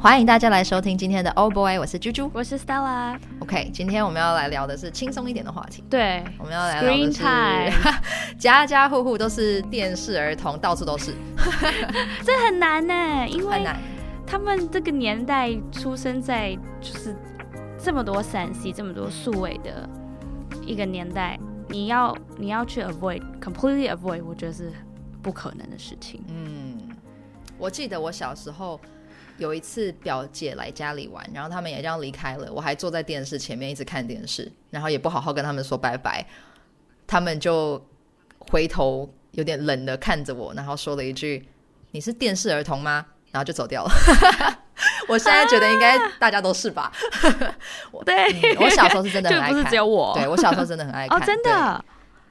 歡迎大家來收聽今天的、oh《Old Boy》，我是啾啾，我是 Stella。OK，今天我們要來聊的是輕鬆一點的話題。對，我們要來聊的是 Screen time。 家家戶戶都是電視兒童，到處都是。 這很難呢，因為很難。他們這個年代出生在就是這麼多三 C、這麼多數位的一個年代，你要你要去 avoid completely avoid，我覺得是不可能的事情。嗯，我記得我小時候。有一次表姐來家裡玩，然後他們也這樣離開了，我還坐在電視前面一直看電視，然後也不好好跟他們說拜拜，他們就回頭有點冷的看着我，然後說了一句：“你是電視兒童嗎？”然後就走掉了。 我現在覺得應該大家都是吧？對、 嗯，我小時候是真的很愛看。只有我，對我小時候真的很愛看， 哦、真的？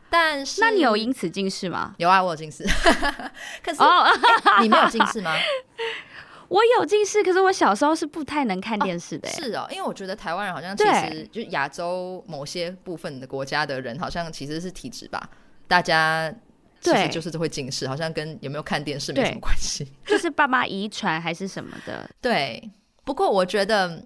但是那你有因此近視嗎？有啊，我有近視。 可是、oh, 你沒有近視嗎？ 我有近視，可是我小時候是不太能看電視的，欸啊。是哦，因為我覺得台灣人好像其實就亞洲某些部分的國家的人，好像其實是體質吧，大家其實就是都會近視，好像跟有沒有看電視沒什麼關係。 就是爸媽遺傳還是什麼的。 對，不過我覺得，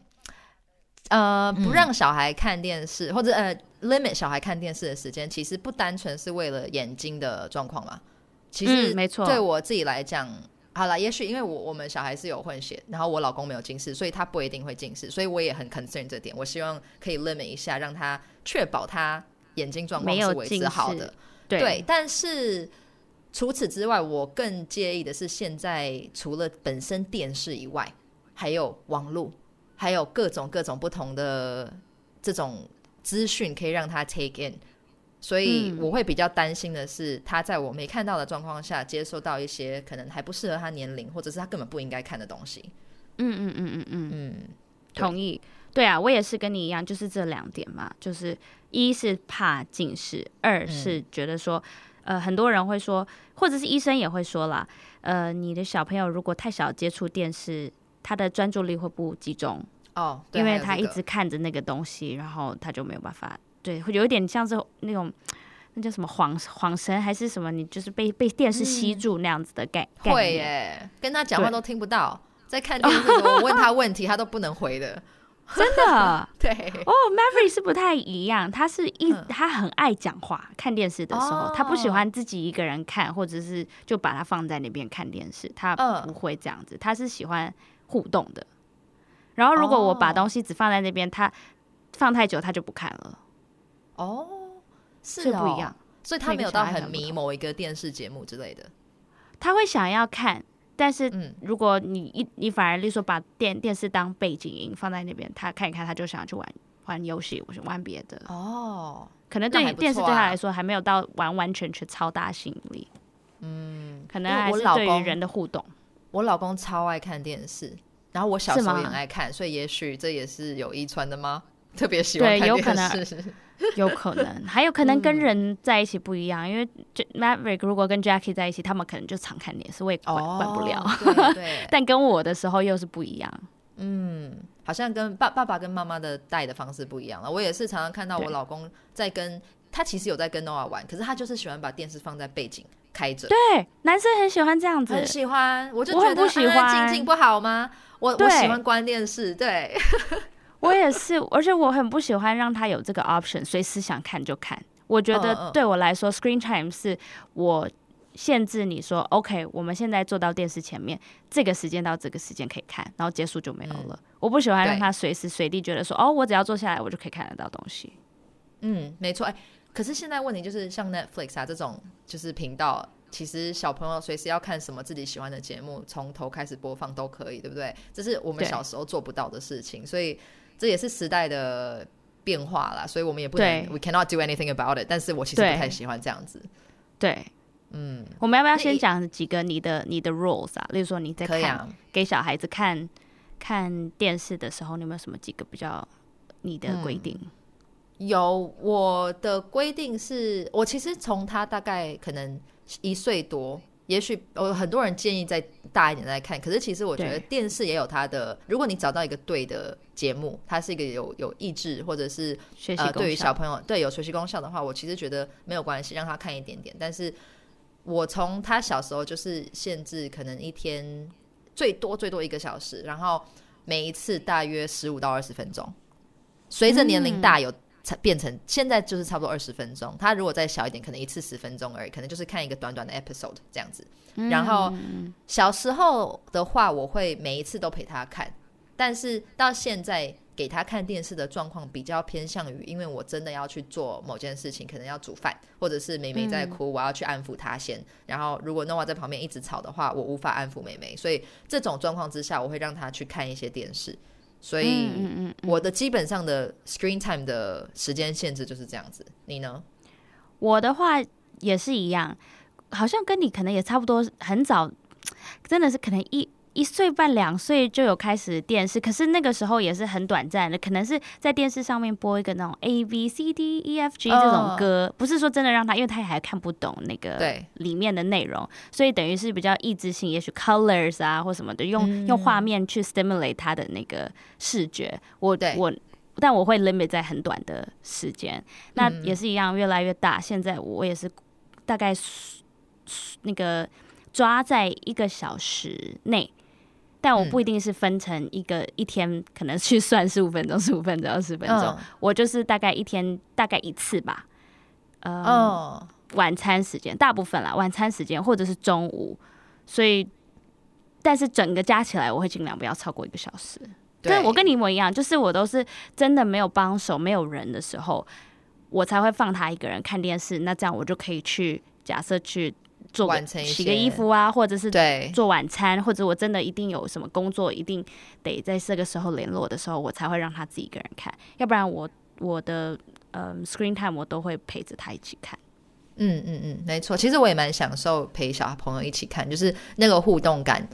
呃，不讓小孩看電視，嗯，或者呃，limit 小孩看電視的時間，其實不單純是為了眼睛的狀況嘛，其實沒錯，對我自己來講。嗯好了，也許因為我我們小孩是有混血，然後我老公沒有近視，所以他不一定會近視，所以我也很 concerned 這點。我希望可以 limit 一下，讓他確保他眼睛狀況是維持好的。對。對，但是除此之外，我更介意的是，現在除了本身電視以外，還有網絡，還有各種各種不同的這種資訊，可以讓他 take in。所以我會比較擔心的是，他在我沒看到的狀況下，接收到一些可能還不適合他年齡，或者是他根本不應該看的東西嗯。嗯嗯嗯嗯嗯嗯，同意。對啊，我也是跟你一樣，就是這兩點嘛。就是一是怕近視，二是覺得說、嗯，呃，很多人會說，或者是醫生也會說了，呃，你的小朋友如果太小接觸電視，他的專注力會不集中哦，對，因為他一直看着那個東西，這個、然後他就沒有辦法。對，會有一點像是那種，那叫什麼恍恍神，還是什麼？你就是被被電視吸住那樣子的感感、嗯、會耶。跟他講話都聽不到，在看電視的時候 我問他問題，他都不能回的。 真的， 對哦、oh,，Maverick 是不太一樣，他是一、嗯、他很愛講話。看電視的時候、哦，他不喜歡自己一個人看，或者是就把它放在那邊看電視，他不會這樣子、嗯，他是喜歡互動的。然後如果我把東西只放在那邊、哦，他放太久他就不看了。哦，是哦，不一樣，所以他沒有到很迷某一個電視節目之類的，他會想要看，但是，嗯，如果你一你反而，例如說把電電視當背景音放在那邊，他看一看，他就想要去玩玩遊戲或者玩別的。哦，可能對電視對他來說還沒有到完完全全超大吸引力，嗯，可能還是對於人的互動我。我老公超愛看電視，然後我小時候也很愛看，所以也許這也是有遺傳的嗎？特別喜歡看電視，對，有可能， 有可能，還有可能跟人在一起不一樣， 嗯、因為、J、Maverick 如果跟 Jackie 在一起，他們可能就常看電視，我也管、哦、管不了。對，對 但跟我的時候又是不一樣。嗯，好像跟爸爸爸跟媽媽的帶的方式不一樣了。我也是常常看到我老公在跟他其實有在跟 Noah 玩，可是他就是喜歡把電視放在背景開着。對，男生很喜歡這樣子，很、嗯、喜歡。我就覺得靜靜不、嗯嗯嗯、不好嗎？我我喜歡關電視。對。 我也是，而且我很不喜歡讓他有這個 option，隨時想看就看。我覺得對我來說 uh, uh.，screen time 是我限制，你說，OK，我們現在坐到電視前面，這個時間到這個時間可以看，然後結束就沒有了。嗯、我不喜歡讓他隨時隨地覺得說，哦，我只要坐下來，我就可以看得到東西。嗯，沒錯。哎、欸，可是現在問題就是，像 Netflix 啊這種，就是頻道，其實小朋友隨時要看什麼自己喜歡的節目，從頭開始播放都可以，對不對？這是我們小時候做不到的事情，所以。這也是時代的變化啦，所以我們也不能對，we cannot do anything about it。但是我其實不太喜歡這樣子。對，嗯，我們要不要先講幾個你的你的 rules 啊？例如說你在看，啊、給小孩子看看電視的時候，你有沒有什麼幾個比較你的規定？嗯、有，我的規定是我其實從他大概可能一歲多，也許我很多人建議在。大一點再看，可是其實我覺得電視也有它的。如果你找到一個對的節目，它是一個有有益智或者是學習、呃、對於小朋友對，有學習功效的話，我其實覺得沒有關係，讓他看一點點。但是我從他小時候就是限制，可能一天最多最多一個小時，然後每一次大約十五到二十分鐘。隨着年齡大有。嗯才變成現在就是差不多二十分鐘，他如果再小一點，可能一次十分鐘而已，可能就是看一個短短的 episode 這樣子。然後小時候的話，我會每一次都陪他看，但是到現在給他看電視的狀況比較偏向於，因為我真的要去做某件事情，可能要煮飯，或者是妹妹在哭，我要去安撫她先。然後如果 Noah 在旁邊一直吵的話，我無法安撫妹妹。所以這種狀況之下，我會讓他去看一些電視。所以，我的基本上的 screen time 的時間限制就是這樣子。你呢？我的話也是一樣，好像跟你可能也差不多，很早，真的是可能一。一歲半兩歲就有開始電視，可是那個時候也是很短暫的，可能是在電視上面播一個那種 A B C D E F G 這種歌，oh. 不是說真的讓他，因為他也還看不懂那個，對裡面的內容，所以等於是比較益智性，也許 Colors 啊或什麼的，用、嗯、用畫面去 stimulate 他的那個視覺。我我但我會 limit 在很短的時間，那也是一樣，越來越大。現在我也是大概那個抓在一個小時內。但我不一定是分成一個、嗯、一天，可能去算十五分鐘、十五分鐘、二十分鐘，嗯、我就是大概一天大概一次吧。呃、嗯，哦、晚餐時間大部分啦，晚餐時間或者是中午，所以但是整個加起來我會儘量不要超過一個小時。對，我跟你一模一樣，就是我都是真的沒有幫手、沒有人的時候，我才會放他一個人看電視。那這樣我就可以去假設去。做完成洗個，個衣服啊，或者是做晚餐對，或者我真的一定有什麼工作，一定得在這個時候聯絡的時候，我才會讓他自己一個人看，要不然我我的呃 screen time 我都會陪着他一起看。嗯嗯嗯，沒錯，其實我也蠻享受陪小朋友一起看，就是那個互動感。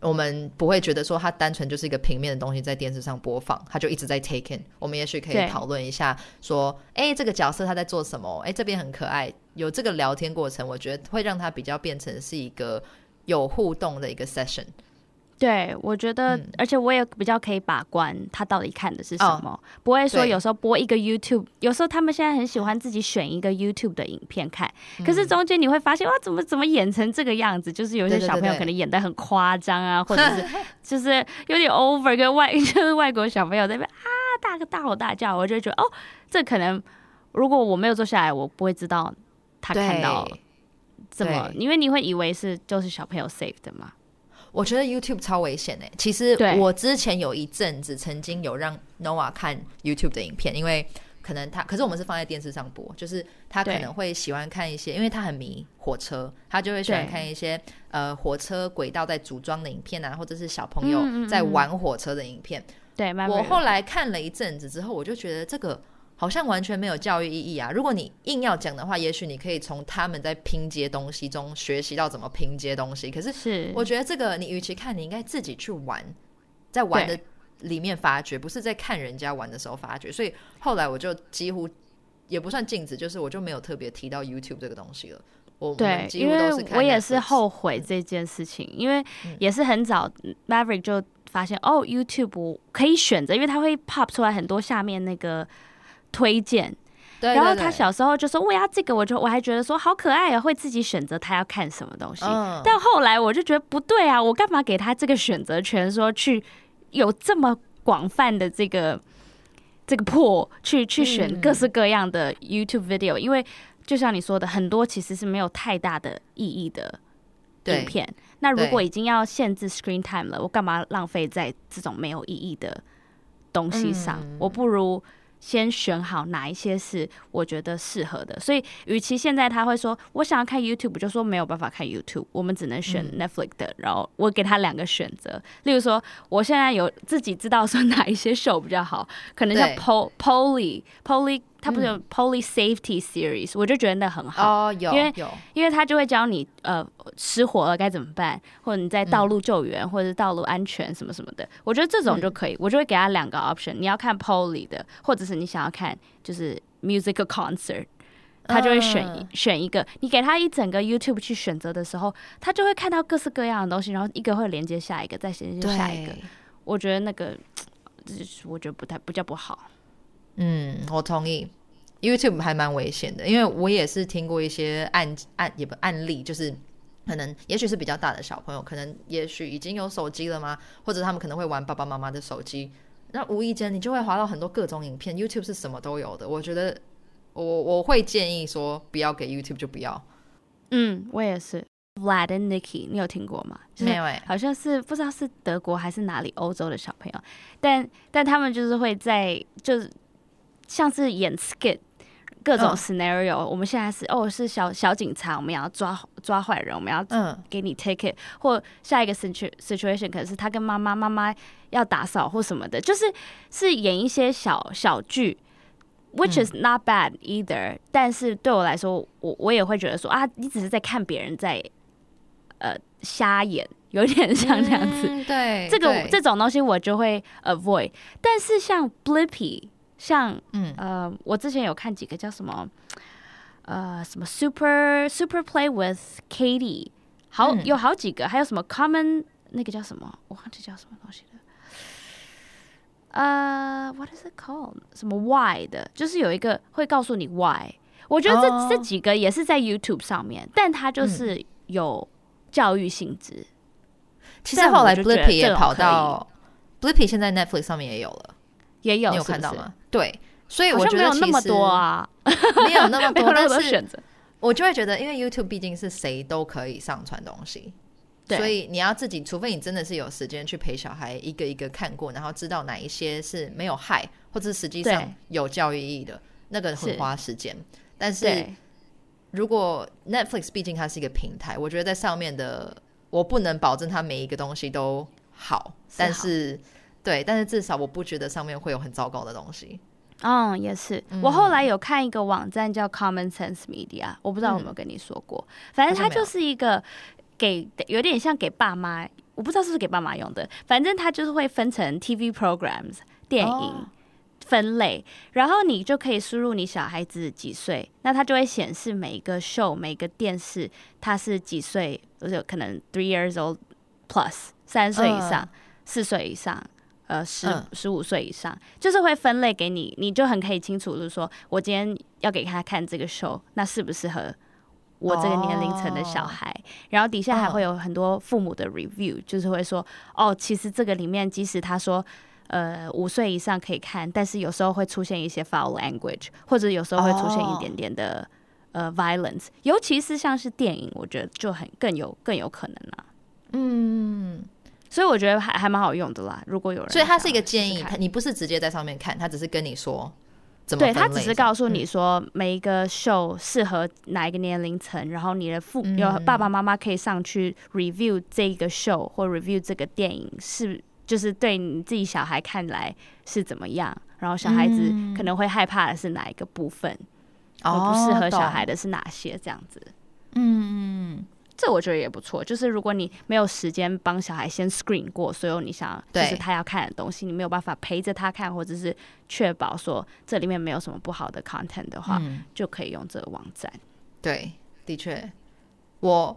我們不會覺得說它單純就是一個平面的東西在電視上播放，它就一直在 take in。我們也許可以討論一下，說，哎、欸，這個角色他在做什麼？哎、欸，這邊很可愛，有這個聊天過程，我覺得會讓他比較變成是一個有互動的一個 session。對，我覺得、嗯，而且我也比較可以把關他到底看的是什麼，哦、不會說，有時候播一個 YouTube，有時候他們現在很喜歡自己選一個 YouTube 的影片看，嗯、可是中間你會發現，哇，怎麼怎麼演成這個樣子？就是有些小朋友可能演得很誇張啊，對對對對，或者是就是有點 over，跟外就是 外國小朋友在那邊啊，大個大吼大叫，我就覺得哦，這可能如果我沒有坐下來，我不會知道他看到怎麼，因為你會以為是就是小朋友 safe 的嘛。我覺得 YouTube 超危險呢、欸。其實我之前有一陣子曾經有讓 Noah 看 YouTube 的影片，因為可能他，可是我們是放在電視上播，就是他可能會喜歡看一些，因為他很迷火車，他就會喜歡看一些呃火車軌道在組裝的影片啊，或者是小朋友在玩火車的影片。對、嗯嗯嗯，我後來看了一陣子之後，我就覺得這個。好像完全沒有教育意義啊！如果你硬要講的話，也許你可以從他們在拼接東西中學習到怎麼拼接東西。可是，是我覺得這個你與其看，你應該自己去玩，在玩的裡面發掘，不是在看人家玩的時候發掘。所以後來我就幾乎也不算禁止，就是我就沒有特別提到 YouTube 這個東西了。我幾乎都是對，因為我也是後悔這件事情，嗯、因為也是很早、嗯、Maverick 就發現哦，YouTube 可以選擇，因為它會 pop 出來很多下面那個。推薦，然後他小時候就說：“我呀，這個我就我還覺得說好可愛啊！”會自己選擇他要看什麼東西。嗯、但後來我就覺得不對啊，我幹嘛給他這個選擇權說？說去有這麼廣泛的這個這個 pool 去去選各式各樣的 YouTube video？嗯、因為就像你說的，很多其實是沒有太大的意義的影片。那如果已經要限制 screen time 了，我幹嘛浪費在這種沒有意義的東西上？嗯、我不如。先選好哪一些是我覺得適合的，所以，與其現在他會說我想要看 YouTube，就說沒有辦法看 YouTube，我們只能選 Netflix 的，嗯。然後我給他兩個選擇，例如說，我現在有自己知道說哪一些秀比較好，可能叫 Polly，Polly。Polly, Polly 他不是有 Poli Safety Series，嗯、我就覺得那很好，哦，有，因為因為他就會教你呃失火了該怎麼辦，或者你在道路救援，嗯、或者道路安全什麼什麼的，我覺得這種就可以，嗯、我就會給他兩個 option，你要看 Poli 的，或者是你想要看就是 Musical Concert，他就會選、呃、選一個，你給他一整個 YouTube 去選擇的時候，他就會看到各式各樣的東西，然後一個會連接下一個，再連接下一個，我覺得那個，我覺得不太不叫不好。嗯，我同意，YouTube 還蠻危險的，因為我也是聽過一些案案也不案例，就是可能也許是比較大的小朋友，可能也許已經有手機了嗎，或者他們可能會玩爸爸媽媽的手機，那無意間你就會滑到很多各種影片。YouTube 是什麼都有的，我覺得我我會建議說不要給 YouTube 就不要。嗯，我也是。Vlad and Nikki，你有聽過嗎？沒有，好像是不知道是德國還是哪裡歐洲的小朋友，但但他們就是會在就是。像是演 skit，各種 scenario，uh，我們現在是哦，是小小警察，我們也要抓抓壞人，我們要給你 ticket，uh，或下一個 situation 可能是他跟媽媽媽媽要打掃或什麼的，就是是演一些小小劇，which is not bad either，嗯。但是對我來說，我我也會覺得說啊，你只是在看別人在呃瞎演，有點像這樣子。嗯，對，這個這種東西我就會 avoid。但是像 Blippi。像、嗯，呃，我之前有看幾個叫什麼，呃，什麼 Super Super Play with Katie，好、嗯、有好幾個，還有什麼 Common 那個叫什麼，我忘記叫什麼東西了。呃，What is it called？什麼 Why 的？就是有一個會告訴你 Why。我覺得這、哦、這幾個也是在 YouTube 上面，但它就是有教育性質、嗯。其實後來 Blippi 也跑到，Blippi，現在 Netflix 上面也有了。也有是不是？你有看到嗎？對，所以我覺得其實沒有那麼多啊， 沒有那麼多的選擇。我就會覺得，因為 YouTube 畢竟是誰都可以上傳東西，對，所以你要自己，除非你真的是有時間去陪小孩一個一個看過，然後知道哪一些是沒有害或者是實際上有教育意義的，那個很花時間。但是如果 Netflix 畢竟它是一個平台，我覺得在上面的我不能保證它每一個東西都好，是好，但是。對，但是至少我不覺得上面會有很糟糕的東西。嗯、oh,，也是、嗯。我後來有看一個網站叫 Common Sense Media，我不知道有沒有跟你說過。嗯、反正他它就是一個給有點像給爸媽，我不知道是不是給爸媽用的。反正它就是會分成 TV programs、電影、oh. 分類，然後你就可以輸入你小孩子幾歲，那它就會顯示每一個 show，每一個電視它是幾歲，而有可能 three years old plus 三歲以上，oh. 四歲以上。呃，十十五歲以上、嗯，就是會分類給你，你就很可以清楚，就是說我今天要給他看這個 show，那適不適合我這個年齡層的小孩、哦？然後底下還會有很多父母的 review，嗯，就是會說，哦，其實這個裡面，即使他說呃五歲以上可以看，但是有時候會出現一些 foul language，或者有時候會出現一點點的、哦、呃 violence，尤其是像是電影，我覺得就很更有更有可能了、啊。嗯。所以我覺得還還蠻好用的啦。如果有人試試，所以他是一個建議，他你不是直接在上面看，他只是跟你說怎麼。對，他只是告訴你說，每一個秀適合哪一個年齡層，嗯，然後你的父有爸爸媽媽可以上去 review 這一個 show 或 review 這個電影是就是對你自己小孩看來是怎麼樣，然後小孩子可能會害怕的是哪一個部分，嗯，然後不適合小孩的是哪些這樣子。哦、嗯。這我覺得也不錯，就是如果你沒有時間幫小孩先 screen 過，所有你想就是他要看的東西，你沒有辦法陪着他看，或者是確保說這裡面沒有什麼不好的 content 的話，嗯，就可以用這個網站。對，的確，我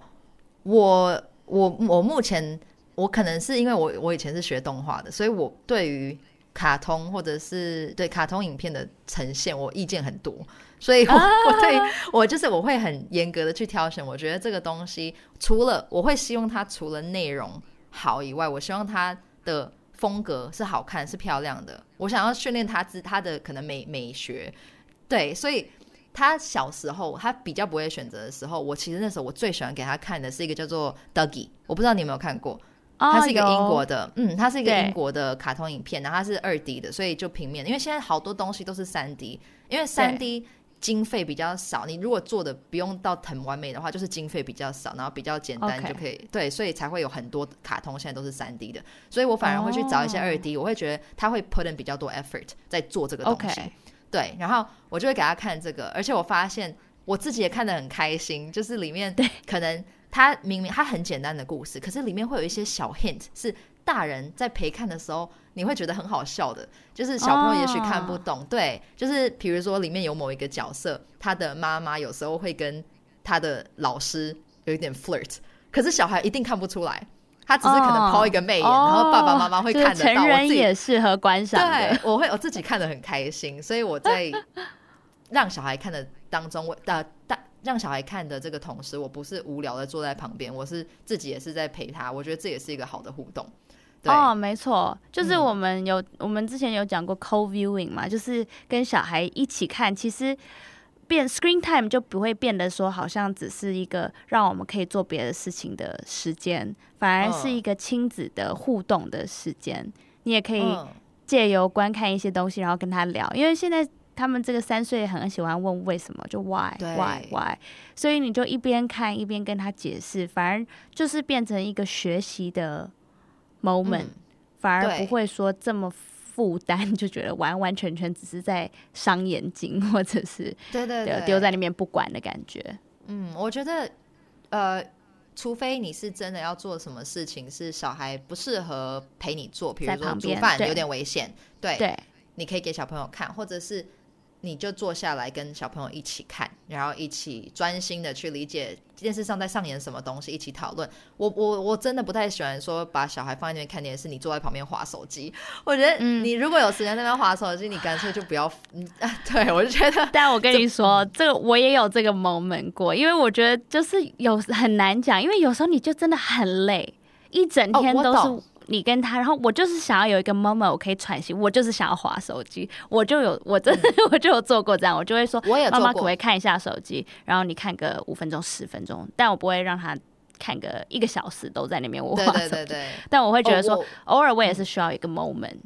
我我我目前我可能是因為我我以前是學動畫的，所以我對於卡通或者是對卡通影片的呈現，我意見很多。所以我，ah. 我對，我就是我會很嚴格的去挑選。我覺得這個東西除了我會希望它除了內容好以外，我希望它的風格是好看、是漂亮的。我想要訓練它之它的可能美美學，對。所以他小時候他比較不會選擇的時候，我其實那時候我最喜歡給他看的是一個叫做 Dougie，我不知道你有沒有看過，它是一個英國的，oh, 嗯，它是一個英國的卡通影片，然後它是二 D 的，所以就平面。因為現在好多東西都是三 D，因為三 D。經費比較少，你如果做的不用到很完美的話，就是經費比較少，然後比較簡單就可以。Okay. 對，所以才會有很多卡通，現在都是三 D 的，所以我反而會去找一些二 D，Oh. 我會覺得他會 put in 比較多 effort 在做這個東西。Okay. 對，然後我就會給他看這個，而且我發現我自己也看得很開心，就是裡面可能他明明他很簡單的故事，可是裡面會有一些小 hint 是。大人在陪看的時候，你會覺得很好笑的，就是小朋友也許看不懂，oh. 對，就是比如說裡面有某一個角色，他的媽媽有時候會跟他的老師有一點 flirt，可是小孩一定看不出來，他只是可能拋一個媚眼，oh. 然後爸爸媽媽會看得到。Oh. Oh. 我成人也適合觀賞，對，我會我自己看得很開心， 所以我在讓小孩看的當中，我大、呃、讓小孩看的這個同時，我不是無聊的坐在旁邊，我是自己也是在陪他，我覺得這也是一個好的互動。哦，沒錯，就是我們有、嗯、我們之前有講過 co viewing 嘛，就是跟小孩一起看，其實變 screen time 就不會變得說好像只是一個讓我們可以做別的事情的時間，反而是一個親子的互動的時間、嗯。你也可以借由觀看一些東西，然後跟他聊，因為現在他們這個三歲很喜歡問為什麼，就 why，對，why why，所以你就一邊看一邊跟他解釋，反而就是變成一個學習的。moment、嗯、反而不會說這麼負擔，就覺得完完全全只是在傷眼睛，或者是對對對，丟在那邊不管的感覺。對對對，嗯，我覺得呃，除非你是真的要做什麼事情，是小孩不適合陪你做，比如說煮飯有點危險，對對，你可以給小朋友看，或者是。你就坐下來跟小朋友一起看，然後一起專心的去理解電視上在上演什麼東西，一起討論。我我我真的不太喜歡說把小孩放在那邊看電視，你坐在旁邊滑手機。我覺得你如果有時間在那邊滑手機，嗯，你乾脆就不要。嗯，對，我就覺得。但我跟你說，這個我也有這個 moment 過，因為我覺得就是有很難講，因為有時候你就真的很累，一整天都是。哦你跟他，然後我就是想要有一個 moment，我可以喘息，我就是想要滑手機。我就有，我真的、嗯、我就有做過這樣，我就會說，媽媽可不可以看一下手機？然後你看個五分鐘、十分鐘，但我不會讓他看個一個小時都在那邊我滑手機，對對對對，但我會覺得說、哦，偶爾我也是需要一個 moment。嗯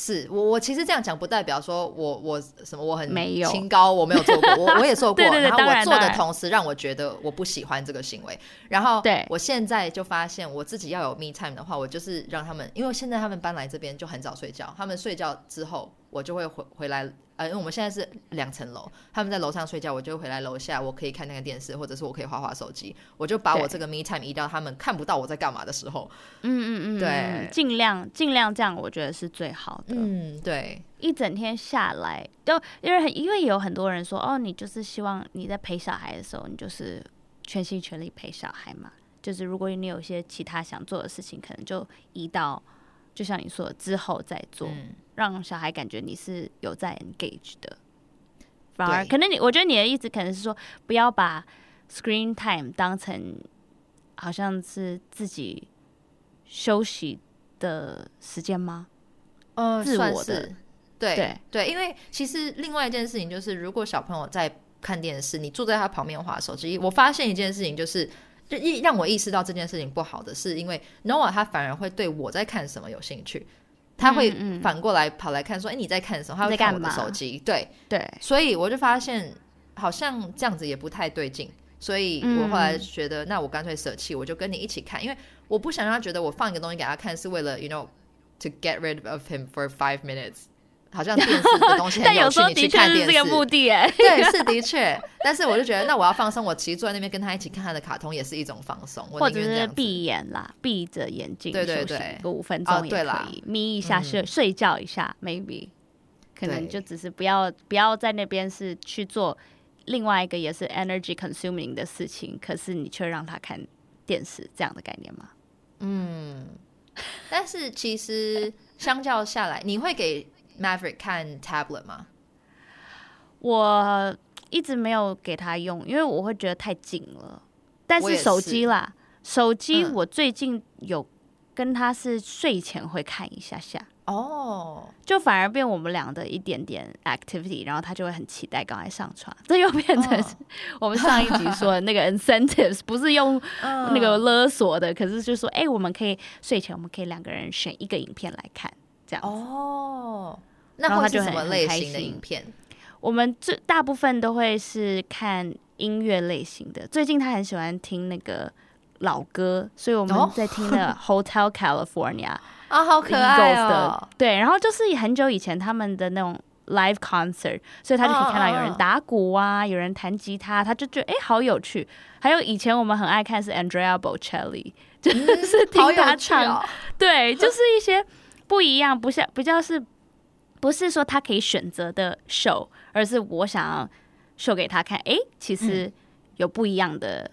是我我其實這樣講不代表說我、我什麼我很沒有清高，我沒有做過， 我我也做過 對對對。然後我做的同時，讓我覺得我不喜歡這個行為。然、然後對，我現在就發現我自己要有 me time 的話，我就是讓他們，因為現在他們搬來這邊就很早睡覺，他們睡覺之後。我就會回回來，呃，因為我們現在是兩層樓，他們在樓上睡覺，我就會回來樓下，我可以看那個電視，或者是我可以滑滑手機，我就把我這個 me time 移到他們看不到我在幹嘛的時候，嗯嗯嗯，對，盡量，嗯嗯嗯，盡量這樣，我覺得是最好的。嗯，對，一整天下來，都因為很因為有很多人說，哦，你就是希望你在陪小孩的時候，你就是全心全力陪小孩嘛，就是如果你有些其他想做的事情，可能就移到，就像你說的之後再做。嗯讓小孩感覺你是有在 engage 的，反而可能你，我覺得你的意思可能是說，不要把 screen time 當成好像是自己休息的時間嗎？嗯、呃，自我的，算是對對，對，因為其實另外一件事情就是，如果小朋友在看電視，你坐在他旁邊滑手機，我發現一件事情就是，就一讓我意識到這件事情不好的，是因為 Noah 他反而會對我在看什麼有興趣。他會反過來跑來看，說：“哎、嗯，你在看什麼？”他在看我的手機。對，對，所以我就發現好像這樣子也不太對勁。所以我後來覺得、嗯，那我乾脆舍棄，我就跟你一起看，因為我不想讓他覺得我放一個東西給他看是為了，you know，to get rid of him for five minutes。好像電視的東西很有， 但有時候的確，看電視，目的哎，對，是的確。 但是我就覺得，那我要放鬆，我其實坐在那邊跟他一起看他的卡通也是一種放鬆，或者是閉眼啦，閉着眼睛，對對對，休息個五分鐘也可以，眯、啊、一下睡、嗯、睡覺一下，maybe，可能就只是不要不要在那邊是去做另外一個也是 energy consuming 的事情，可是你卻讓他看電視這樣的概念嘛。嗯，但是其實相較下來， 你會給。Maverick 看 tablet 嗎？我一直沒有給他用，因為我會覺得太緊了。但是手機啦，手機我最近有跟他是睡前會看一下下哦，oh. 就反而變我們倆的一點點 activity，然後他就會很期待。趕快上床，這又變成我們上一集說的那個 incentives 不是用那個勒索的，可是就是說哎、欸，我們可以睡前我們可以兩個人選一個影片來看這樣子哦。Oh. 然後他就很那他是什麼類型的影片？很開心。我們這大部分都會是看音樂類型的。最近他很喜歡聽那個老歌，所以我們在聽的《Hotel California、哦》啊、嗯 哦，好可愛哦！對，然後就是很久以前他們的那種 live concert，所以他就可以看到有人打鼓啊，哦、有人彈吉他，他就覺得哎、欸，好有趣。還有以前我們很愛看是 Andrea Bocelli，真、嗯、的 是聽他唱好、哦，對，就是一些不一樣， 不像不像是。不是說他可以選擇的 show，而是我想要秀給他看。哎、欸，其實有不一樣的、嗯、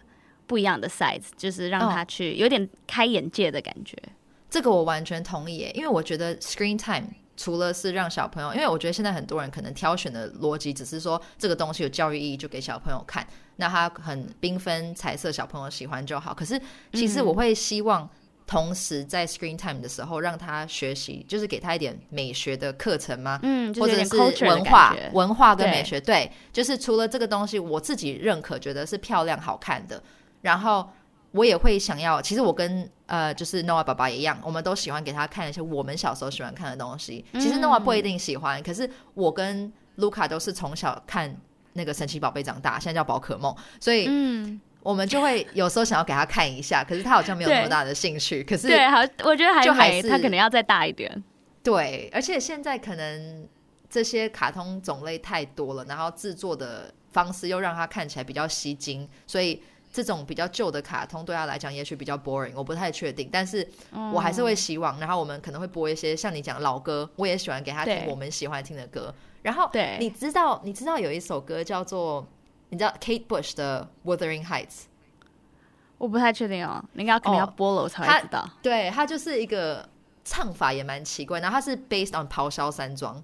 不一樣的 size，就是讓他去有點開眼界的感覺。Oh. 這個我完全同意耶，因為我覺得 Screen Time 除了是讓小朋友，因為我覺得現在很多人可能挑選的邏輯只是說這個東西有教育意義就給小朋友看，那他很繽紛彩色，小朋友喜歡就好。可是其實我會希望嗯嗯。同時，在 Screen Time 的時候，讓他學習，就是給他一點美學的課程嗎？嗯，就是、或者是文化、文化跟美學對，對，就是除了這個東西，我自己認可，覺得是漂亮好看的。然後我也會想要，其實我跟呃，就是 Noah 爸爸一樣，我們都喜歡給他看一些我們小時候喜歡看的東西。嗯、其實 Noah 不一定喜歡，可是我跟 Luca 都是從小看那個神奇寶貝長大，現在叫寶可夢，所以。嗯 我們就會有時候想要給他看一下，可是他好像沒有多大的興趣。可是，是對，好，我覺得還就還是他可能要再大一點。對，而且現在可能這些卡通種類太多了，然後製作的方式又讓他看起來比較吸睛，所以這種比較舊的卡通對他來講也許比較 boring，我不太確定。但是我還是會希望、嗯，然後我們可能會播一些像你講老歌，我也喜歡給他聽我們喜歡聽的歌。然後，對，你知道，你知道有一首歌叫做。你知道 Kate Bush 的 Wuthering Heights？我不太確定哦，你應該要可能要播了才知道，oh, 他。對，他就是一個唱法，也蠻奇怪，然後他是 based on 咆哮山莊，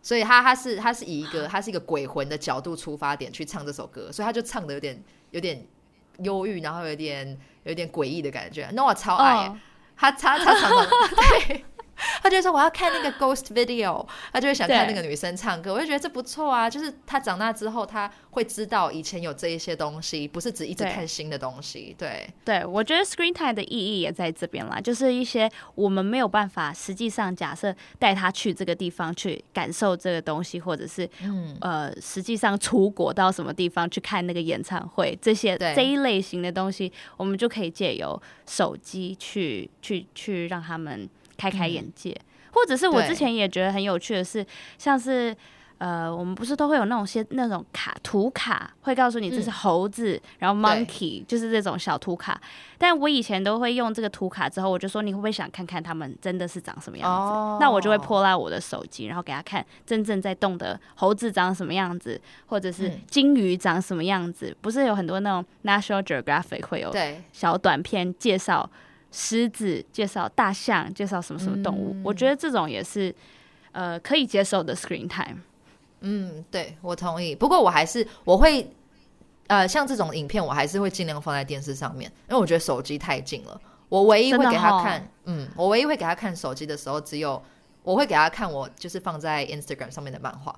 所以他他是他是以一個他是一個鬼魂的角度出發點去唱這首歌，所以他就唱的有點有點憂鬱，然後有點有點詭異的感覺。那我超愛，欸 oh. 他，他他他唱的對。 他就說我要看那個 Ghost video，他就會想看那個女生唱歌。我就覺得這不錯啊，就是他長大之後他會知道以前有這一些東西，不是只一直看新的東西。對對，對，對，我覺得 Screen Time 的意義也在這邊啦，就是一些我們沒有辦法，實際上假設帶他去這個地方去感受這個東西，或者是嗯呃，實際上出國到什麼地方去看那個演唱會，這些對這一類型的東西，我們就可以借由手機去去去讓他們。開開眼界、嗯，或者是我之前也覺得很有趣的是，像是呃，我們不是都會有那種些那種卡圖卡，會告訴你這是猴子，嗯、然後 monkey 就是這種小圖卡。但我以前都會用這個圖卡之後，我就說你會不會想看看他們真的是長什麼樣子？哦、那我就會 pull out 我的手機，然後給他看真正在動的猴子長什麼樣子，或者是金魚長什麼樣子？嗯、不是有很多那種 National Geographic 會有小短片介紹。獅子介紹，大象介紹什麼什麼動物，嗯，我覺得這種也是，呃，可以接受的 screen time。嗯，對我同意。不過我還是我會，呃，像這種影片，我還是會盡量放在電視上面，因為我覺得手機太近了。我唯一會給他看，哦、嗯，我唯一會給他看手機的時候，只有我會給他看我就是放在 Instagram 上面的漫畫，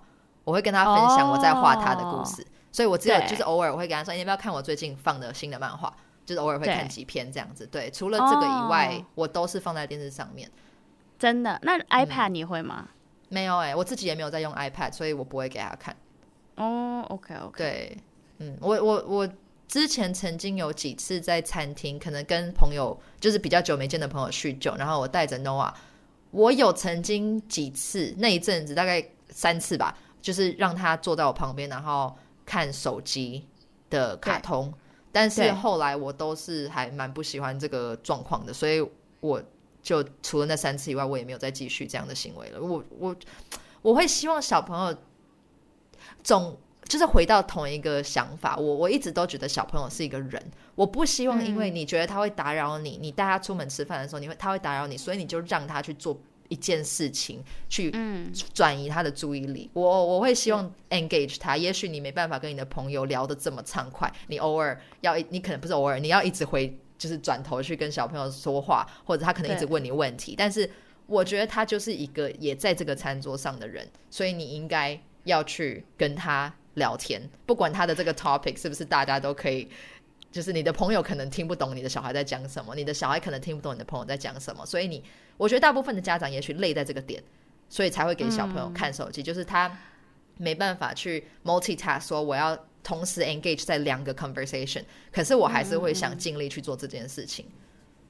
我會跟他分享我在畫他的故事，oh, 所以我只有就是偶爾我會跟他說：“你要不要看我最近放的新的漫畫？”就是偶爾會看幾篇這樣子，對。對除了這個以外，oh. 我都是放在電視上面。真的？那 iPad 你會嗎？嗯、沒有哎、欸，我自己也沒有在用 iPad，所以我不會給他看。哦、oh,，OK OK。對，嗯，我我我之前曾經有幾次在餐廳，可能跟朋友就是比較久沒見的朋友敘舊，然後我帶着 Noah，我有曾經幾次那一陣子大概三次吧，就是讓他坐在我旁邊，然後看手機的卡通。但是後來我都是還蠻不喜歡這個狀況的，所以我就除了那三次以外，我也沒有再繼續這樣的行為了。我我我會希望小朋友總就是回到同一個想法，我我一直都覺得小朋友是一個人，我不希望因為你覺得他會打擾你，嗯、你帶他出門吃飯的時候，你會他會打擾你，所以你就讓他去做。一件事情去轉移他的注意力，嗯、我我會希望 engage 他。嗯、也許你沒辦法跟你的朋友聊得這麼暢快，你偶爾要你可能不是偶爾，你要一直回，就是轉頭去跟小朋友說話，或者他可能一直問你問題。但是我覺得他就是一個也在這個餐桌上的人，所以你應該要去跟他聊天，不管他的這個 topic 是不是大家都可以，就是你的朋友可能聽不懂你的小孩在講什麼，你的小孩可能聽不懂你的朋友在講什麼，所以你。我覺得大部分的家長也許累在這個點，所以才會給小朋友看手機、嗯。就是他沒辦法去 multitask，說我要同時 engage 在兩個 conversation，、嗯、可是我還是會想盡力去做這件事情。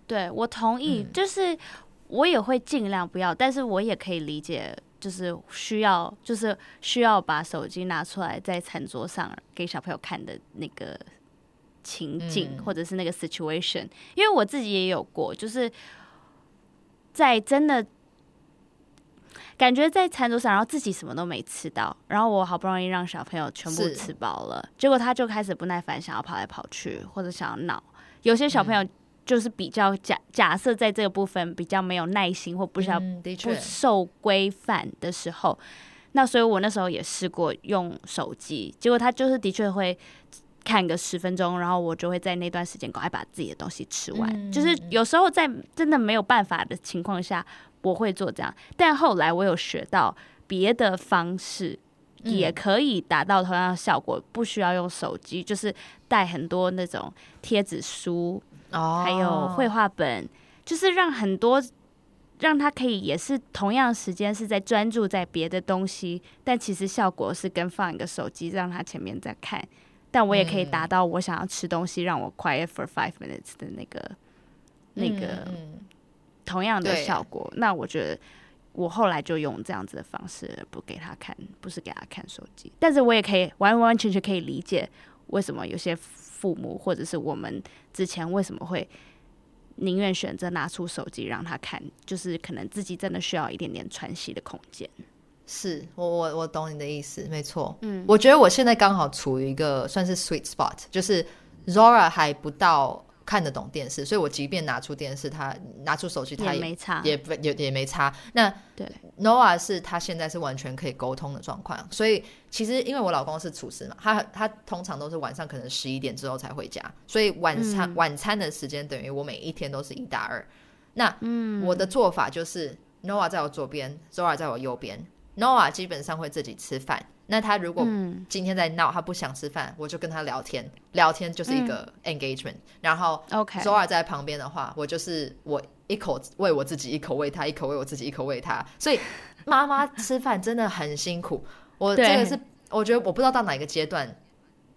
對，我同意。嗯、就是我也會盡量不要，但是我也可以理解，就是需要，就是需要把手機拿出來在餐桌上給小朋友看的那個情景，嗯、或者是那個 situation，因為我自己也有過，就是。在真的感覺在餐桌上，然後自己什麼都沒吃到，然後我好不容易讓小朋友全部吃飽了，結果他就開始不耐煩，想要跑來跑去或者想要鬧。有些小朋友就是比較假、嗯、假設在這個部分比較沒有耐心或不是要不受規範的時候、嗯、的確，那所以我那時候也試過用手機，結果他就是的確會。看個十分鐘，然後我就會在那段時間趕快把自己的東西吃完。嗯。就是有時候在真的沒有辦法的情況下，我會做這樣。但後來我有學到別的方式，也可以達到同樣的效果，嗯。不需要用手機，就是帶很多那種貼紙書，哦，還有繪畫本，就是讓很多讓他可以也是同樣的時間是在專注在別的東西，但其實效果是跟放一個手機讓他前面在看。但我也可以達到我想要吃東西讓我 quiet for five minutes 的那個、嗯、那個同樣的效果。那我覺得我後來就用這樣子的方式，不給他看，不是給他看手機。但是我也可以完完完全全可以理解為什麼有些父母或者是我們之前為什麼會寧願選擇拿出手機讓他看，就是可能自己真的需要一點點喘息的空間。是我我我懂你的意思，沒錯。嗯，我覺得我現在剛好處於一個算是 sweet spot，就是 Zora 還不到看得懂電視，所以我即便拿出電視，他拿出手機，他也，也沒差，也也也，也沒差。那對，Noah 是他現在是完全可以溝通的狀況，所以其實因為我老公是廚師嘛，他他通常都是晚上可能十一點之後才回家，所以晚餐、嗯、晚餐的時間等於我每一天都是一打二。那嗯，我的做法就是 Noah 在我左邊，Zora 在我右邊。Noah 基本上會自己吃飯。那他如果今天在鬧、嗯，他不想吃飯，我就跟他聊天，聊天就是一個 engagement、嗯。然後 OK，Zoe 在旁邊的話，okay. 我就是我一口餵我自己，一口餵他，一口餵我自己，一口餵他。所以媽媽吃飯真的很辛苦。 我這個是，我覺得我不知道到哪一個階段。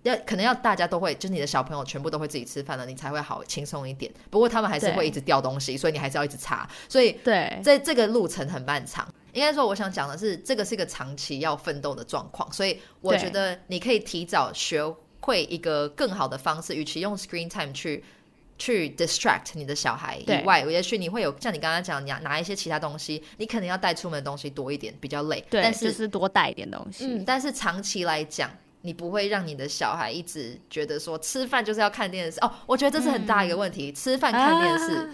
要可能要大家都會，就是你的小朋友全部都會自己吃飯了，你才會好輕鬆一點。不過他們還是會一直掉東西，所以你還是要一直擦。所以對，這這個路程很漫長。應該說，我想講的是，這個是一個長期要奮鬥的狀況。所以我覺得你可以提早學會一個更好的方式，與其用 screen time 去去 distract 你的小孩以外，也許你會有像你剛剛講，你要拿一些其他東西，你可能要帶出門的東西多一點，比較累。對，但是、就是多帶一點東西。嗯，但是長期來講。你不會讓你的小孩一直覺得說吃飯就是要看電視哦，我覺得這是很大一個問題，嗯、吃飯看電視、啊，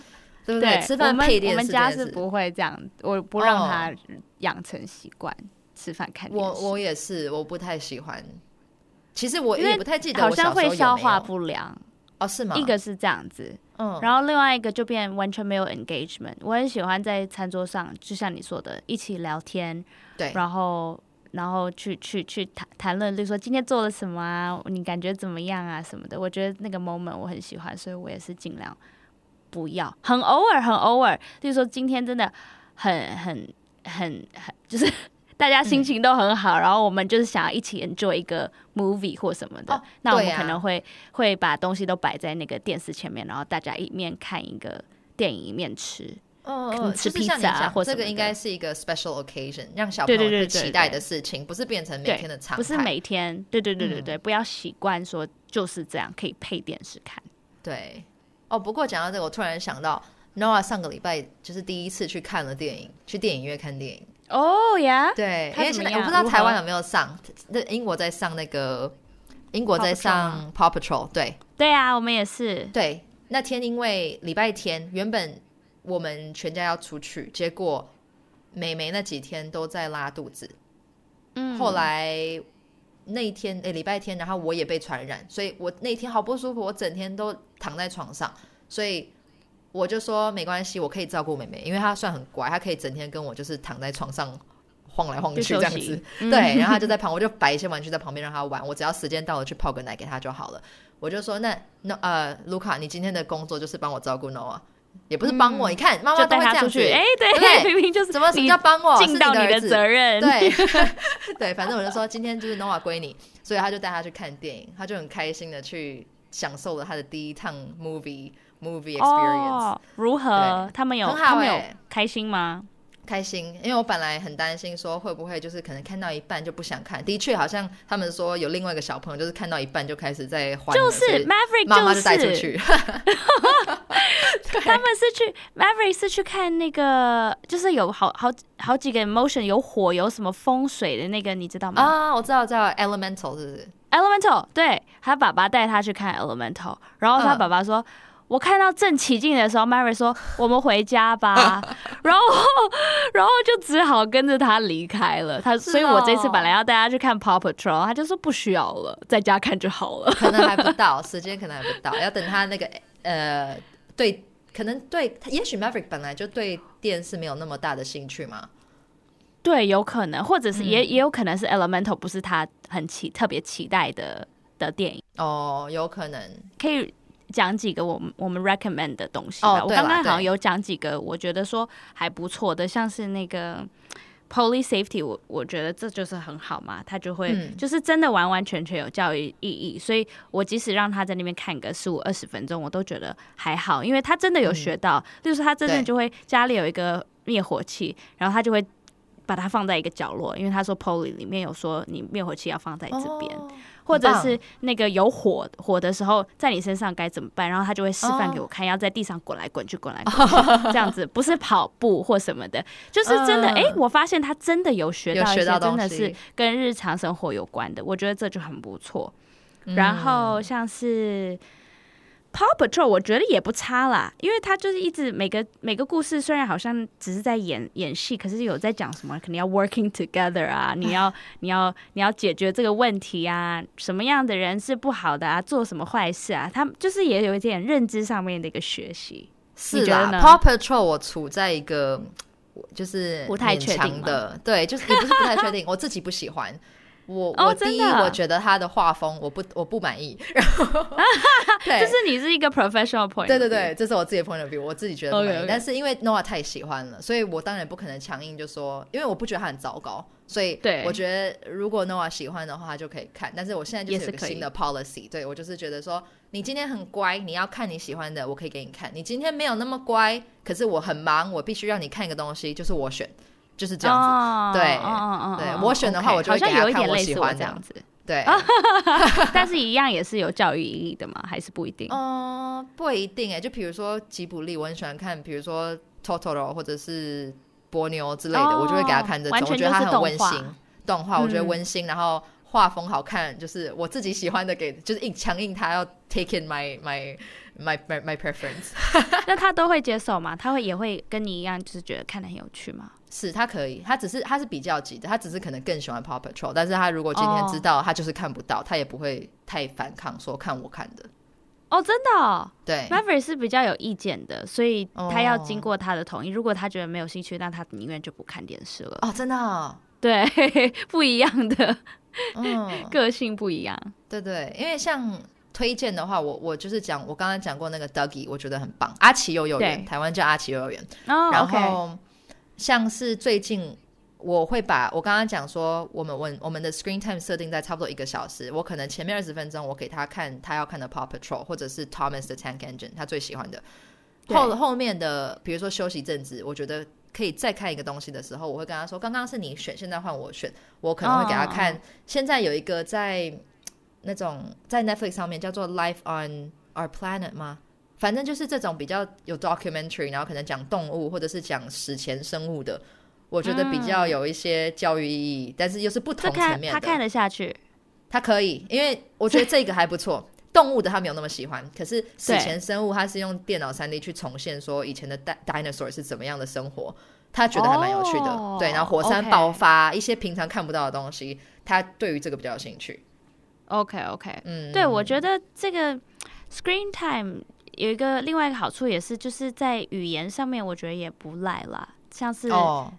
對不對？對，吃飯配電視我，我們家是不會這樣，我不讓他養成習慣、哦、吃飯看電視。我我也是，我不太喜歡。其實我因為不太記得我小時候有沒有，好像會消化不良哦，是嗎？一個是這樣子，嗯，然後另外一個就變完全沒有 engagement。我很喜歡在餐桌上，就像你說的，一起聊天，對，然後。然後去去去談談論，就是說今天做了什麼啊，你感覺怎麼樣啊什麼的。我覺得那個 moment 我很喜歡，所以我也是盡量不要，很偶爾，很偶爾。就是說今天真的很很很很，就是大家心情都很好，嗯，然後我們就是想要一起 enjoy 一個 movie 或什麼的。哦，那我們可能會、啊，會把東西都擺在那個電視前面，然後大家一面看一個電影一面吃。哦、oh,，吃披薩，這個應該是一個 special occasion，對對對對讓小朋友期待的事情，對對對對不是變成每天的常態。不是每天，對對對對對,對、嗯，不要習慣說就是這樣，可以配電視看。對，哦，不過講到這個，我突然想到 Noah 上個禮拜就是第一次去看了電影，去電影院看電影。哦、oh, yeah?，呀，對，因為現在我不知道台灣有沒有上，那英國在上那個，英國在上 Paw Patrol。Paw Patrol, 對，對啊，我們也是。對，那天因為禮拜天，原本。我們全家要出去，結果妹妹那幾天都在拉肚子。嗯，後來那一天誒，禮拜天，然後我也被傳染，所以我那天好不舒服，我整天都躺在床上。所以我就說沒關係，我可以照顧妹妹，因為她算很乖，她可以整天跟我就是躺在床上晃來晃去這樣子。嗯、對，然後她就在旁，我就擺一些玩具在旁邊讓她玩， 我只要時間到了去泡個奶給她就好了。我就說那那呃盧卡，Luca, 你今天的工作就是幫我照顧諾亞。也不是幫我、嗯，你看媽媽帶他出去，哎、欸，對，明明就是怎麼什麼叫幫我？盡到你的責任，對， 對，反正我就說今天就是 Nova 歸你，所以他就帶她去看電影，他就很開心的去享受了他的第一趟 movie movie experience，哦、如何？他們有，很好、欸，有開心嗎？開心，因為我本來很擔心說會不會就是可能看到一半就不想看。的確，好像他們說有另外一個小朋友就是看到一半就開始在還就是 Maverick，媽媽就帶出去。他們是去 Maverick 是去看那個，就是有好好好幾個 emotion 有火有什麼風水的那個，你知道嗎？啊、uh，我知道，我知道 Elemental 是不是？Elemental 對，他爸爸帶他去看 Elemental，然後他爸爸說。Uh. 我看到正起勁的時候，Mary 說：“我們回家吧。”然後，然後就只好跟着他離開了他。所以，我這次本來要帶他去看《Paw Patrol》，他就說不需要了，在家看就好了。可能還不到 時間，可能還不到，要等他那個呃，對，可能對，也許 Maverick 本來就對電視沒有那麼大的興趣嘛。對，有可能，或者是也也有可能是《Elemental》，不是他很期特別期待的的電影哦，有可能可以。講幾個我們我們 recommend 的東西、oh, 我剛剛好像有講幾個我覺得說還不錯的，像是那個 Poli safety，我我覺得這就是很好嘛，他就會、嗯、就是真的完完全全有教育意義，所以我即使讓他在那邊看個十五二十分鐘，我都覺得還好，因為他真的有學到，嗯、就是他真的就會家裡有一個滅火器，然後他就會把它放在一個角落，因為他說 Poli 裡面有說你滅火器要放在這邊。Oh 或者是那個有火火的時候，在你身上該怎麼辦？然後他就會示範給我看，oh. 要在地上滾來滾去滾來滾來、滾來滾去這樣子，不是跑步或什麼的，就是真的。哎、uh, 欸，我發現他真的有學到一些，真的是跟日常生活有關的，我覺得這就很不錯。然後像是，《Paw Patrol》我覺得也不差啦，因為他就是一直每個每個故事雖然好像只是在演演戲，可是有在講什麼，肯定要 working together 啊， 你要你要你要解決這個問題啊，什麼樣的人是不好的啊，做什麼壞事啊，他就是也有一點認知上面的一個學習。是啊，你覺得呢？《Paw Patrol》我處在一個就是不太確定的，對，就是也不是不太確定， 我自己不喜歡。我、oh, 我第一、啊、我覺得他的畫風我不我不滿意，然後對，這是你是一個 professional point，對對對，這是我自己的 point of view，我自己覺得滿意，okay, okay. 但是因為 Noah 太喜歡了，所以我當然不可能強硬就說，因為我不覺得它很糟糕，所以我覺得如果 Noah 喜歡的話就可以看，但是我現在就是個新的 policy，對我就是覺得說你今天很乖，你要看你喜歡的，我可以給你看，你今天沒有那麼乖，可是我很忙，我必須讓你看一個東西，就是我選。就是這樣子，哦、對、哦對，哦對哦，我選的話，我就會給他看我喜歡的，好像有一點類似我這樣子，對， 但是一樣也是有教育意義的嘛，還是不一定，嗯、不一定哎、欸，就比如說吉卜力，我很喜歡看，比如說《Totoro》或者是《波妞》之類的、哦，我就會給他看這種，我覺得他很溫馨，動畫，我覺得溫馨、嗯，然後畫風好看，就是我自己喜歡的給，給就是硬強硬他要 take in my my my my, my preference， 那他都會接受嗎？他會也會跟你一樣，就是覺得看的很有趣嗎？是他可以，他只是他是比較急的，他只是可能更喜歡 Paw Patrol，但是他如果今天知道，oh. 他就是看不到，他也不會太反抗說看我看的。Oh, 的哦，真的，對，Maverick 是比較有意見的，所以他要經過他的同意。Oh. 如果他覺得沒有興趣，那他寧願就不看電視了。哦、oh,，真的、哦，對， 不一樣的，嗯、oh.，個性不一樣。對對，對，因為像推薦的話，我我就是講，我剛剛講過那個 Dougie，我覺得很棒，阿奇幼幼園，台灣叫阿奇幼幼園，oh, 然後。Okay. 像是最近，我會把我剛剛講說我，我們問我們的 screen time 設定在差不多一個小時。我可能前面二十分鐘，我給他看他要看的《Paw Patrol》或者是《Thomas the Tank Engine》，他最喜歡的。後後面的，比如說休息一陣子，我覺得可以再看一個東西的時候，我會跟他說：“剛剛是你選，現在換我選。”我可能會給他看，oh. 現在有一個在那種在 Netflix 上面叫做《Life on Our Planet》嗎？反正就是這種比較有 documentary，然後可能講動物或者是講史前生物的，我覺得比較有一些教育意義，嗯、但是又是不同層面的。他看得下去，他可以，因為我覺得這個還不錯。 動物的他沒有那麼喜歡，可是史前生物他是用電腦三 D 去重現說以前的 dinosaur 是怎麼樣的生活，他覺得還蠻有趣的。Oh, 對，然後火山爆發，okay. 一些平常看不到的東西，他對於這個比較有興趣。OK OK，嗯，對我覺得這個 Screen Time。有一個另外一個好處也是，就是在語言上面，我覺得也不賴啦。像是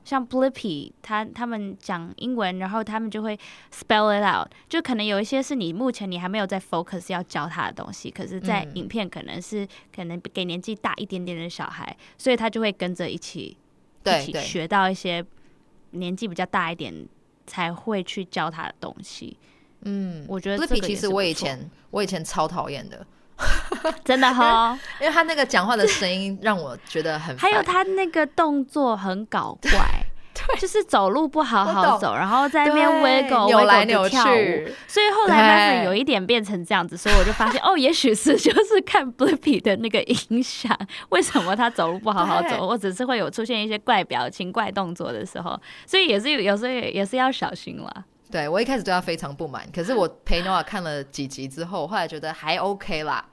像 Blippi、oh. 他他們講英文，然後他們就會 spell it out。就可能有一些是你目前你還沒有在 focus 要教他的東西，可是，在影片可能是、嗯、可能給年紀大一點點的小孩，所以他就會跟着一起對，一起學到一些年紀比較大一點才會去教他的東西。嗯，我覺得 Blippi 其實我以前我以前超討厭的。 真的哈，因為他那個講話的聲音讓我覺得很煩…… 還有他那個動作很搞怪， 對就是走路不好好走，然後在那邊 wiggle wiggle 扭來扭去。所以後來慢慢有一點變成這樣子，所以我就發現哦，也許是就是看 Blippi 的那個影響， 為什麼他走路不好好走，或者是會有出現一些怪表情、怪動作的時候。所以也是有時候也是要小心啦。對，我一開始對他非常不滿，可是我陪諾瓦看了幾集之後， 後來覺得還 OK 啦。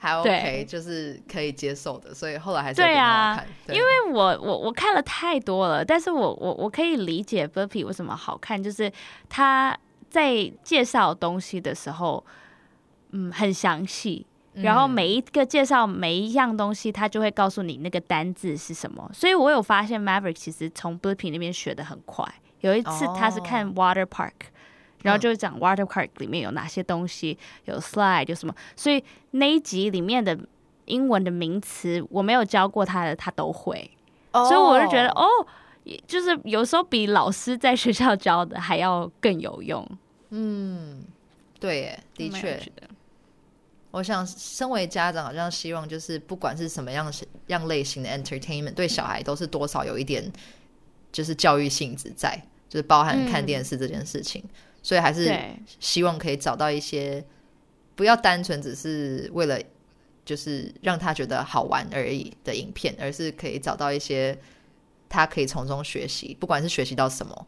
還 OK，就是可以接受的，所以後來還是看。對啊，對，因為我我我看了太多了，但是我我我可以理解 Blippi 為什麼好看，就是他在介紹東西的時候，嗯，很詳細，嗯，然後每一個介紹每一樣東西，他就會告訴你那個單字是什麼，所以我有發現 Maverick 其實從 Blippi 那邊學的很快，有一次他是看 Water Park、oh。然後就是講 Water Park 裡面有哪些東西，嗯、有 Slide 就什麼，所以那一集裡面的英文的名詞我沒有教過他的，他都會，哦、所以我就覺得哦，就是有時候比老師在學校教的還要更有用。嗯，對耶，的確。我想身為家長，好像希望就是不管是什麼樣樣類型的 Entertainment，對小孩都是多少有一點就是教育性質在，就是包含看電視這件事情。嗯所以還是希望可以找到一些，不要單純只是為了就是讓他覺得好玩而已的影片，而是可以找到一些他可以從中學習，不管是學習到什麼。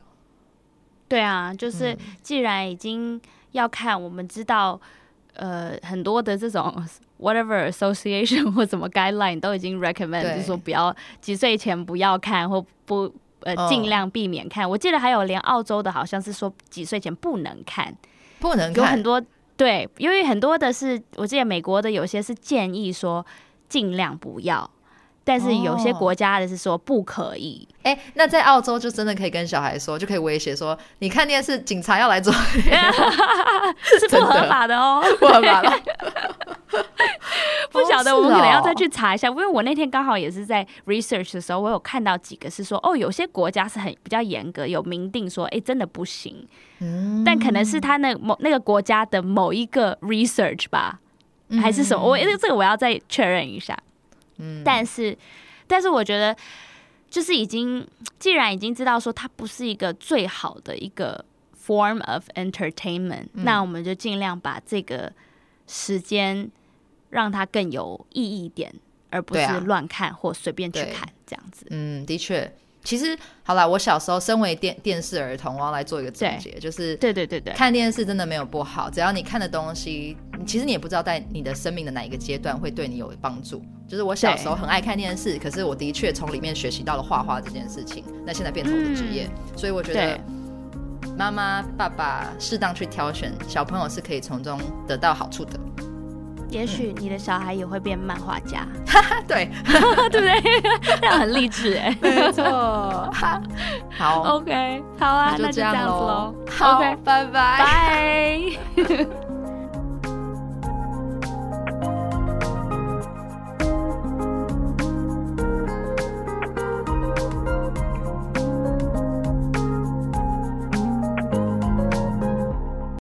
對啊，就是既然已經要看，我們知道、嗯、呃很多的這種 whatever association 或什麼 guideline 都已經 recommend，就是說，不要幾歲前不要看或不。呃，盡量避免看。Oh. 我記得還有連澳洲的，好像是說幾歲前不能看，不能看。有很多，對，因為很多的是，我記得美國的有些是建議說盡量不要。但是有些國家的是說不可以，哎、哦欸，那在澳洲就真的可以跟小孩說，就可以威脅說，你看電視，警察要來抓、 哦， 是不合法的哦， 不合法的。不曉得，我們可能要再去查一下，哦、因為我那天剛好也是在 research 的時候，我有看到幾個是說，哦，有些國家是很比較嚴格，有明定說，哎、欸，真的不行。嗯，但可能是他那某那個國家的某一個 research 吧，嗯、還是什麼？我這個我要再確認一下。嗯，但是，但是我覺得，就是已經既然已經知道說它不是一個最好的一個 form of entertainment，嗯，那我們就盡量把這個時間讓它更有意義一點，而不是亂看或隨便去看這樣子。啊，嗯，的確。其實好啦，我小時候身為電電視兒童，我要來做一個總結，就是對對對對，看電視真的沒有不好，只要你看的東西，其實你也不知道在你的生命的哪一個階段會對你有幫助。就是我小時候很愛看電視，可是我的確從裡面學習到了畫畫這件事情，那現在變成我的職業，嗯、所以我覺得媽媽爸爸適當去挑選小朋友是可以從中得到好處的。也許你的小孩也會變漫畫家，嗯，呵呵，對， 對不對？這樣很勵志哎， 沒錯。 啊、好，OK，好啊，那就，這那就這樣子嘍。好，OK，拜拜，拜。